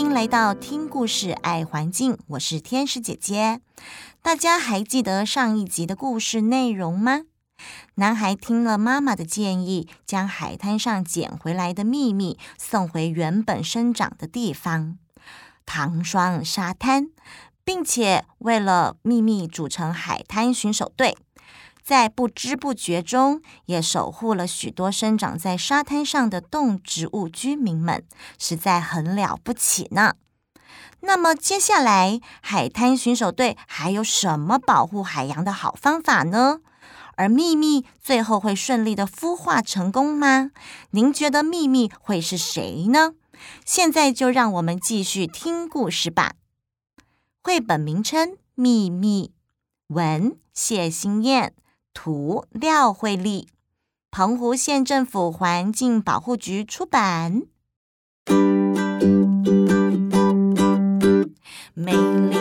歡迎來到聽故事愛環境，我是天使姐姐。大家還記得上一集的故事內容嗎？男孩聽了媽媽的建議，將海灘上撿回來的秘密送回原本生長的地方——糖霜沙灘，並且為了秘密組成海灘巡守隊。在不知不覺中，也守護了許多生長在沙灘上的動植物居民們，實在很了不起呢。那麼接下來，海灘巡守隊還有什麼保護海洋的好方法呢？而秘密最後會順利的孵化成功嗎？您覺得秘密會是誰呢？現在就讓我們繼續聽故事吧。繪本名稱《秘密》，文謝欣燕。圖廖慧麗，澎湖縣政府環境保護局出版。美麗。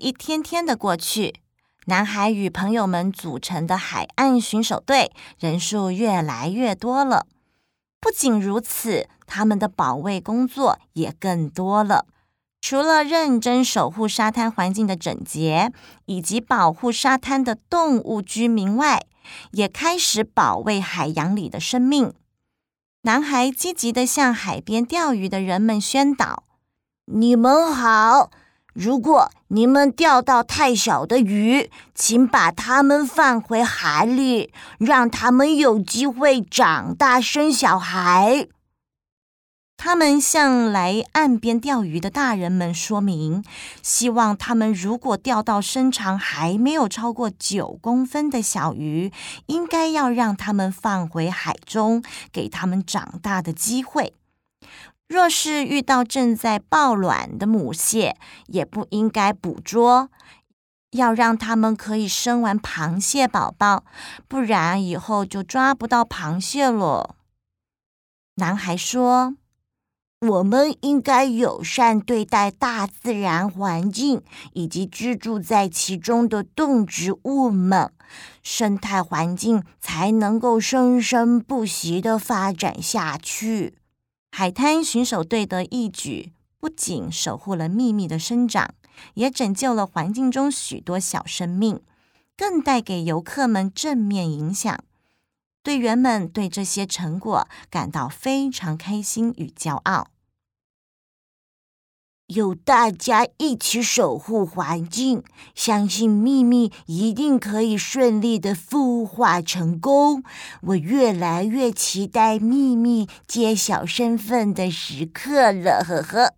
一天天的過去，男孩與朋友們組成的海岸巡守隊人數越來越多了。不僅如此，他們的保衛工作也更多了。除了認真守護沙灘環境的整潔，以及保護沙灘的動物居民外，也開始保衛海洋裡的生命。男孩積極的向海邊釣魚的人們宣導：“你們好。”如果你們釣到太小的魚，請把它們放回海裡，讓它們有機會長大生小孩。他們向來岸邊釣魚的大人們說明，希望他們如果釣到身長還沒有超過九公分的小魚，應該要讓他們放回海中，給他們長大的機會。若是遇到正在抱卵的母蟹，也不應該捕捉，要讓他們可以生完螃蟹寶寶，不然以後就抓不到螃蟹了。男孩說：“我們應該友善對待大自然環境以及居住在其中的動植物們，生態環境才能夠生生不息的發展下去。”海灘巡守隊的義舉，不僅守護了秘密的生長，也拯救了環境中許多小生命，更帶給遊客們正面影響。隊員們對這些成果感到非常開心與驕傲。有大家一起守護環境，相信秘密一定可以順利的孵化成功。我越來越期待秘密揭曉身份的時刻了，呵呵。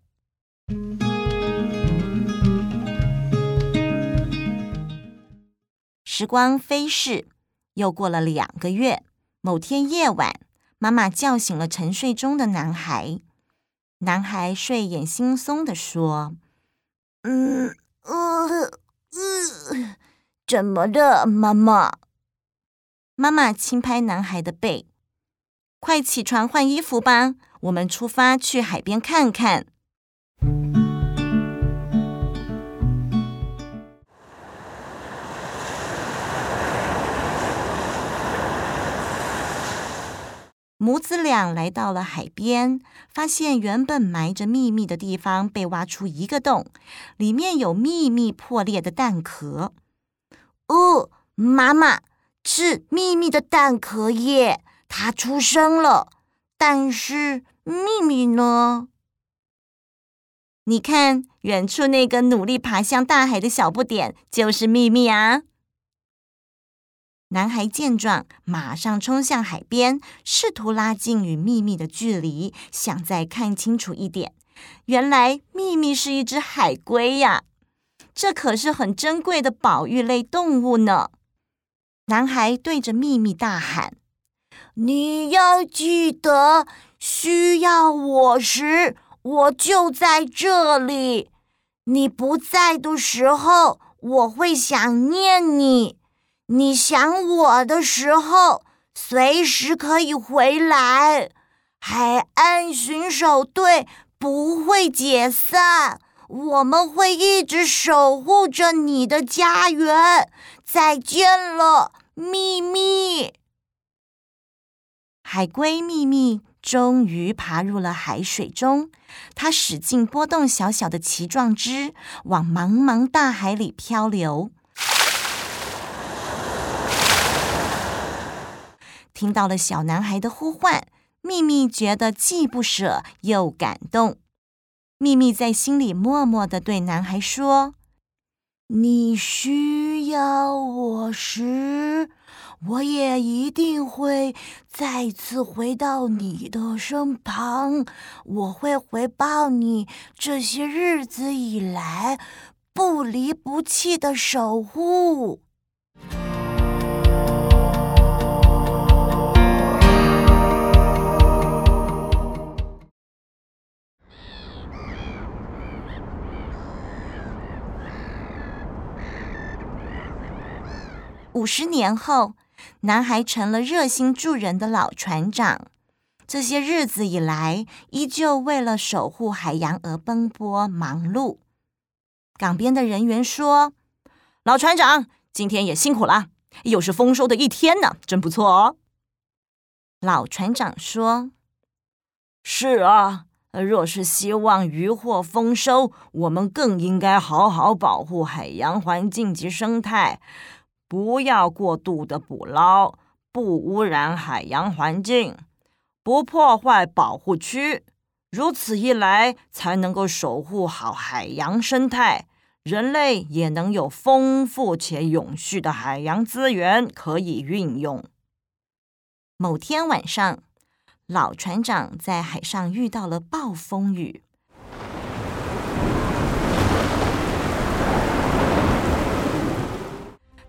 時光飛逝，又過了兩個月，某天夜晚，媽媽叫醒了沉睡中的男孩。男孩睡眼惺忪地說：“嗯，呃，呃，怎麼了，媽媽？”媽媽輕拍男孩的背：“快起床換衣服吧，我們出發去海邊看看。”母子倆來到了海邊，發現原本埋着秘密的地方被挖出一個洞，裡面有秘密破裂的蛋殼。哦，媽媽，是秘密的蛋殼耶，它出生了。但是秘密呢？你看，遠處那個努力爬向大海的小不點，就是秘密啊。男孩見狀，馬上衝向海邊，試圖拉近與秘密的距離，想再看清楚一點。原來秘密是一隻海龜呀，這可是很珍貴的保育類動物呢。男孩對着秘密大喊：“你要記得，需要我時，我就在這裡。你不在的時候，我會想念你。”你想我的時候，隨時可以回來。海岸巡守隊不會解散，我們會一直守護着你的家園。再見了，秘密。海龜秘密終於爬入了海水中，它使勁撥動小小的鰭狀肢，往茫茫大海裡漂流。聽到了小男孩的呼喚，秘密覺得既不捨又感動。秘密在心裡默默地對男孩說：“你需要我時，我也一定會再次回到你的身旁。我會回報你這些日子以來不離不棄的守護。”五十年後，男孩成了熱心助人的老船長。這些日子以來，依舊為了守護海洋而奔波忙碌。港邊的人員說：“老船長，今天也辛苦了，又是豐收的一天呢，真不錯哦。”老船長說：“是啊，若是希望魚獲豐收，我們更應該好好保護海洋環境及生態。”不要過度的捕撈，不污染海洋環境，不破壞保護區，如此一來才能夠守護好海洋生態，人類也能有豐富且永續的海洋資源可以運用。某天晚上，老船長在海上遇到了暴風雨。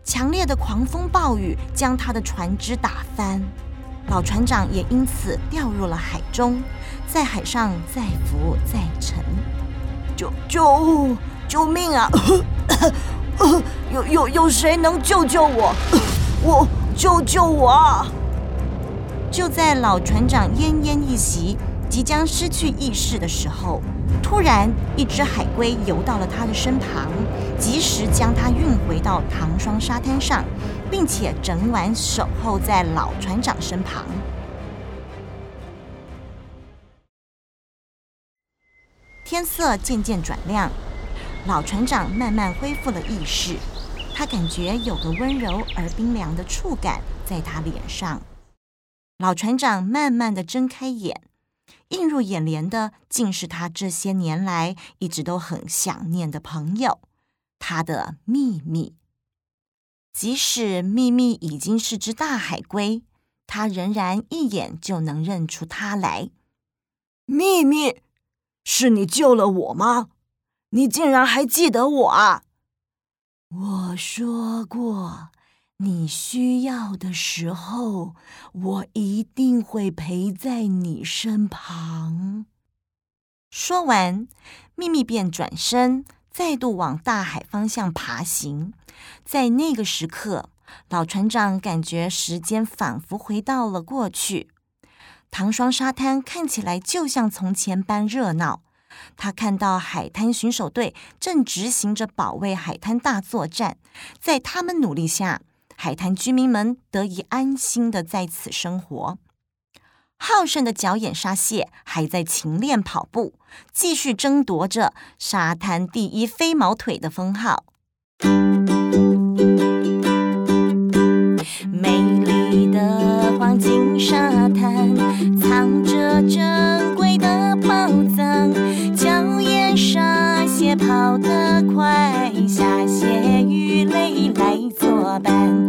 強烈的狂風暴雨將他的船隻打翻，老船長也因此掉入了海中，在海上再浮再沉，救救救命啊！呃呃、有有有誰能救救我？呃、我救救我！就在老船長奄奄一息。即將失去意識的時候，突然一隻海龜游到了他的身旁，及時將他運回到糖霜沙灘上，並且整晚守候在老船長身旁。天色漸漸轉亮，老船長慢慢恢復了意識，他感覺有個溫柔而冰涼的觸感在他臉上。老船長慢慢地睜開眼。映入眼簾的，竟是他這些年來一直都很想念的朋友，他的秘密。即使秘密已經是隻大海龜，他仍然一眼就能認出他來。秘密，是你救了我嗎？你竟然還記得我啊！我說過。你需要的時候，我一定會陪在你身旁。說完，秘密便轉身，再度往大海方向爬行。在那個時刻，老船長感覺時間仿佛回到了過去，糖霜沙灘看起來就像從前般熱鬧。他看到海灘巡守隊正執行着保衛海灘大作戰，在他們努力下。海灘居民們得以安心的在此生活。好勝的角眼沙蟹還在勤練跑步，繼續爭奪着沙灘第一飛毛腿的封號。美麗的黃金沙灘藏着珍貴的寶藏，角眼沙蟹跑得快，蝦蟹魚類來作伴。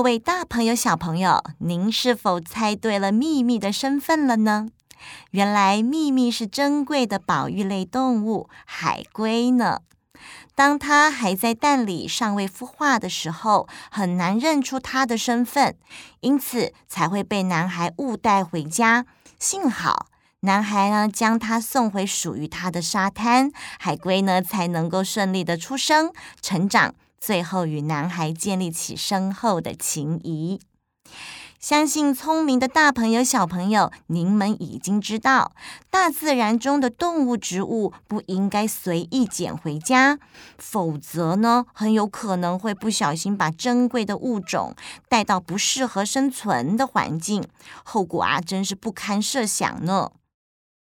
各位大朋友、小朋友，您是否猜對了秘密的身份了呢？原來秘密是珍貴的保育類動物——海龜呢。當它還在蛋裡尚未孵化的時候，很難認出它的身份，因此才會被男孩誤帶回家。幸好男孩呢將它送回屬於它的沙灘，海龜呢才能夠順利的出生、成長。最後與男孩建立起深厚的情誼。相信聰明的大朋友、小朋友，您們已經知道，大自然中的動物、植物不應該隨意撿回家，否則呢，很有可能會不小心把珍貴的物種帶到不適合生存的環境，後果啊，真是不堪設想呢。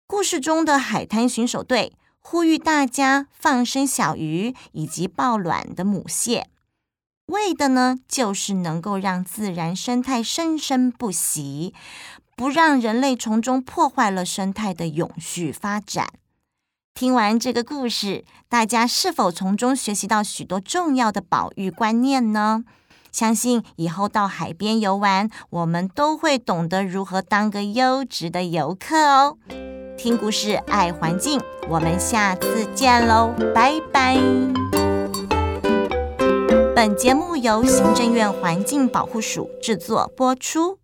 故事中的海灘巡守隊。呼籲大家放生小魚以及抱卵的母蟹，為的呢，就是能夠讓自然生態生生不息，不讓人類從中破壞了生態的永續發展。聽完這個故事，大家是否從中學習到許多重要的保育觀念呢？相信以後到海邊遊玩，我們都會懂得如何當個優質的遊客哦。聽故事，愛環境，我們下次見嘍，拜拜。本節目由行政院環境保護署制作播出。